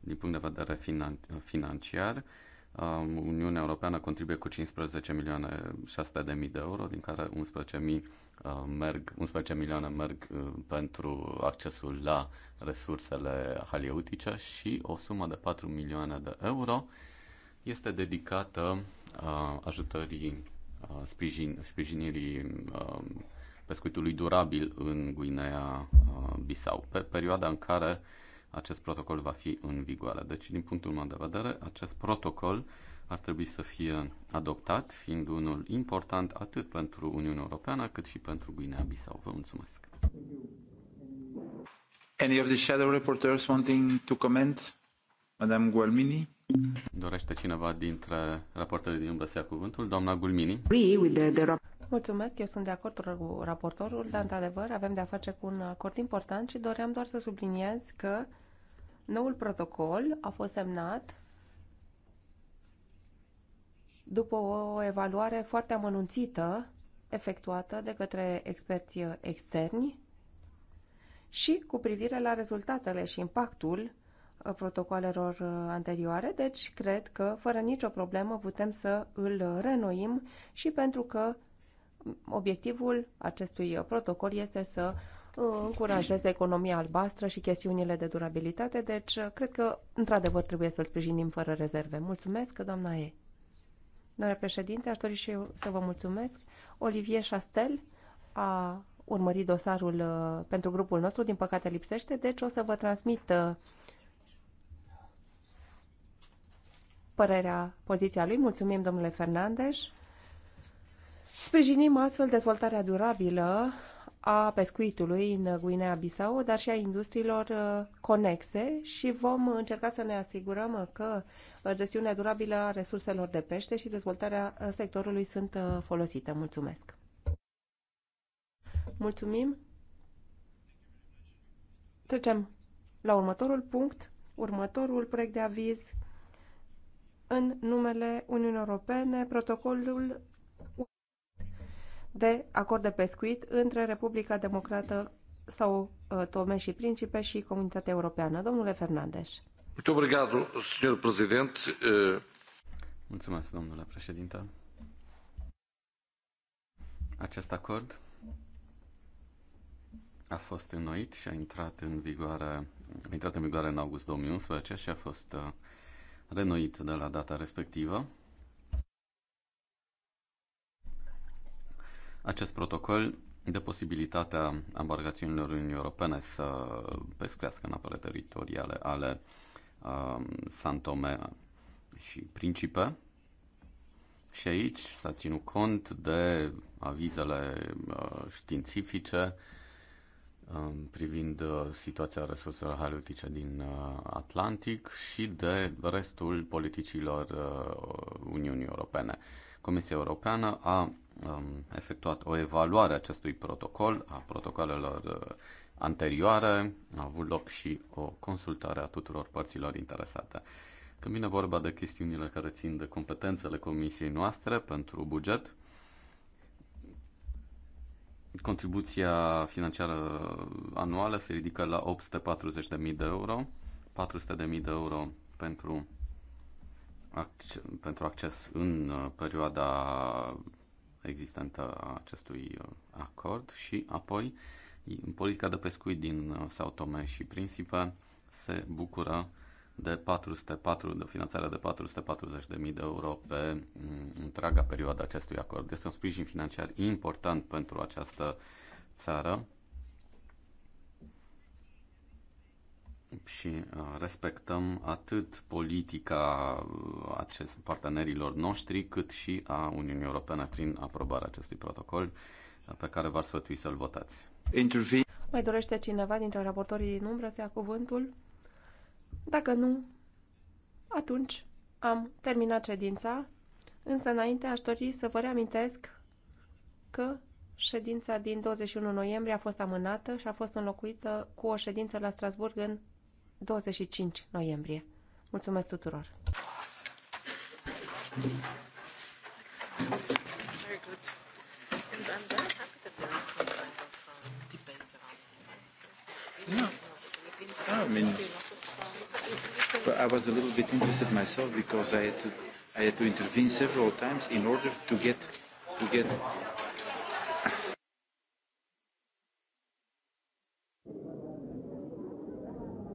din punct de vedere finan, financiar. Uh, Uniunea Europeană contribuie cu 15 milioane 600 de mii de euro, din care 11 mii uh, merg, 11 milioane merg uh, pentru accesul la resursele haleutice și o sumă de 4 milioane de euro este dedicată ajutării sprijin, sprijinirii pescuitului durabil în Guinea uh, Bissau, pe perioada în care acest protocol va fi în vigoare. Deci, din punctul meu de vedere, acest protocol ar trebui să fie adoptat, fiind unul important atât pentru Uniunea Europeană cât și pentru Guinea Bissau. Vă mulțumesc. Any of the shadow reporters wanting to comment? Madame Gualmini? Dorește cineva dintre raportele din umbră să ia cuvântul? Doamna Gulmini? Mulțumesc, eu sunt de acord cu raportorul, dar într-adevăr avem de-a face cu un acord important și doream doar să subliniez că noul protocol a fost semnat după o evaluare foarte amănunțită efectuată de către experți externi și cu privire la rezultatele și impactul protocoalelor anterioare, deci cred că fără nicio problemă putem să îl renoim și pentru că Obiectivul acestui protocol este să uh, încurajeze economia albastră și chestiunile de durabilitate, deci uh, cred că, într-adevăr, trebuie să-l sprijinim fără rezerve. Mulțumesc, doamna E. Doamna președinte, aș dori și eu să vă mulțumesc. Olivier Chastel a urmărit dosarul uh, pentru grupul nostru, din păcate lipsește, deci o să vă transmit părerea, poziția lui. Mulțumim, domnule Fernandes. Sprijinim astfel dezvoltarea durabilă a pescuitului în Guinea-Bissau, dar și a industriilor uh, conexe și vom încerca să ne asigurăm că uh, gestiunea durabilă a resurselor de pește și dezvoltarea uh, sectorului sunt folosite. Mulțumesc! Mulțumim! Trecem la următorul punct, următorul proiect de aviz în numele Uniunii Europene, protocolul de acord de pescuit între Republica Democrată sau uh, Tome și Principe și Comunitatea Europeană. Domnule Fernandez. Uh, Mulțumesc, domnule președinte. Acest acord a fost înnoit și a intrat în vigoare, a intrat în vigoare în august 2011 și a fost uh, renoit de la data respectivă. acest protocol de posibilitatea embarcațiunilor Uniunii Europene să pescuiască în apele teritoriale ale uh, um, Santome și Principe. Și aici s-a ținut cont de avizele uh, științifice um, privind uh, situația resurselor halieutice din uh, Atlantic și de restul politicilor uh, Uniunii Europene. Comisia Europeană a um, efectuat o evaluare a acestui protocol, a protocolelor uh, anterioare, a avut loc și o consultare a tuturor părților interesate. Când vine vorba de chestiunile care țin de competențele comisiei noastre pentru buget, contribuția financiară anuală se ridică la 840.000 de euro, 400.000 de euro pentru, pentru acces în uh, perioada existentă a acestui uh, acord și apoi politica de pescuit din uh, Sao Tome și Principe se bucură de 404, de finanțarea de 440.000 de euro pe mm, întreaga perioadă acestui acord. Este un sprijin financiar important pentru această țară și uh, respectăm atât politica uh, acest, partenerilor noștri, cât și a Uniunii Europene prin aprobarea acestui protocol uh, pe care v-ar sfătui să-l votați. Intervin. Mai dorește cineva dintre raportorii din umbră să ia cuvântul? Dacă nu, atunci am terminat ședința, însă înainte aș dori să vă reamintesc că ședința din 21 noiembrie a fost amânată și a fost înlocuită cu o ședință la Strasburg în 25 noiembrie. Mulțumesc tuturor! Yeah. but I was a little bit interested myself because I had to, I had to intervene several times in order to get to get